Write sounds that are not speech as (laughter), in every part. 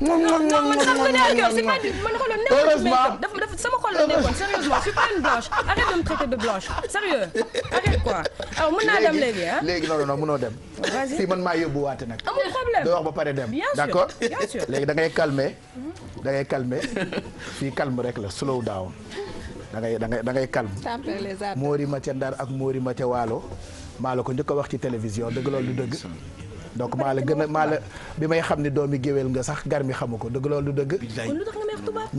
non non non man xam nga daal yow c'est pas du man xooloon nekkul dafa dafa sama xol la nekkoon sérieusement je suis pas une blanche arrête de me traiter de blanche sérieux arrête quoi aw mën naa dem léegi ah. léegi non non mënoo dem. si man maa yóbbu waate nag. amul problème doo wax ba pare dem. d'accord léegi da ngay calmer. da ngay calmer (laughs) fii calme rek la slow down da ngay da ngay da ngay calme. moori ma ca Ndar ak moori ma ca Waalo maa la ko njëkk a wax ci télévision dëgg loolu du dëgg. donc maa la gën a maa la bi may xam ne doomi géwél nga sax gar mi xamu ko dëgg loolu dëgg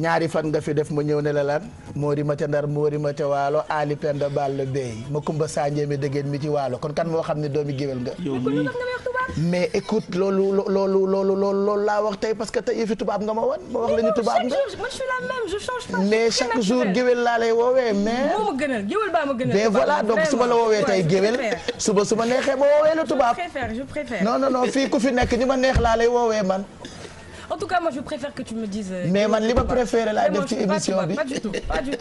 ñaari fan nga fi def ma ñëw ne la lan moori ma ca ndar moori ma ca waalo ali penda ball bay ma kumba sanjee mi dëggeen mi ci waalo kon kan moo xam ne doomi géwél nga mais écoute loolu loolu loolu loolu laa wax tey parce que tey yëfi tubaab nga ma wan wax la ñu tubaab nga je mais chaque jour géwél laa lay woowee mais moo ma gënal baa ma gënal mais voilà donc su ma la woowee tey géwél suba su ma neexee ma woowee la tubaab je préfère je préfère non fii ku fi nekk ñu ma neex laa lay woowee man en tout cas moi je préfère que tu euh, mais man li ma préféré laay def ci émission bi pas du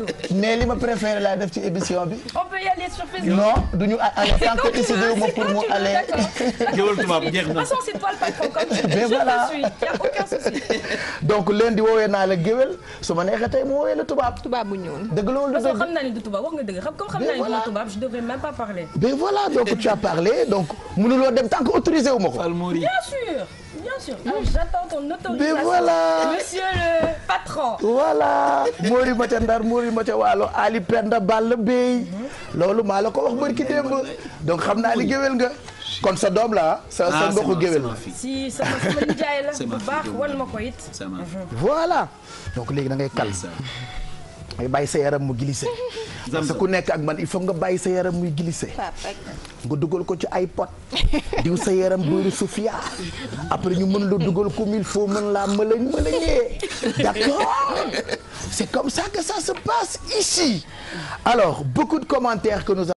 mais li ma préféré laa def ci émission bi. on peut non du ñu a (laughs) tant que décidé wu ma pour mu aller. (laughs) na. façon (laughs) a aucun souci. donc lundi woowee naa la géwél su ma neexee tey mu woowee la tubaab. tubaab bu ñëwoon dëgg loolu dëgg. parce que xam naa tubaab wax nga dëgg xam xam naa ne du tubaab je devrais même pas parler. mais voilà donc tu as parlé donc mënuloo dem tant que autorisé wu ma ko. bien sûr. bien voilà Mori ma Ndar Mori ma Waalo Ali Penda Ball Bey. Mhm. loolu maa la ko wax bari ki démb. donc xam naa ni géwél nga. kon sa doom la ah. sa ah, sa ndoxu géwél si sama sama nijaay la bu (laughs) baax wan ma ko it voilà donc léegi da kal bàyyi sa yaram mu glissé (laughs) parce ku nekk ak man il faut nga bàyyi sa yaram muy glissé nga dugal ko ci ay pot diw sa yaram buuru sufia après ñu mën la dugal comme il faut mën laa mëlañ mëlañee d'accord c'est comme ça que ça se passe ici alors beaucoup de commentaires que nous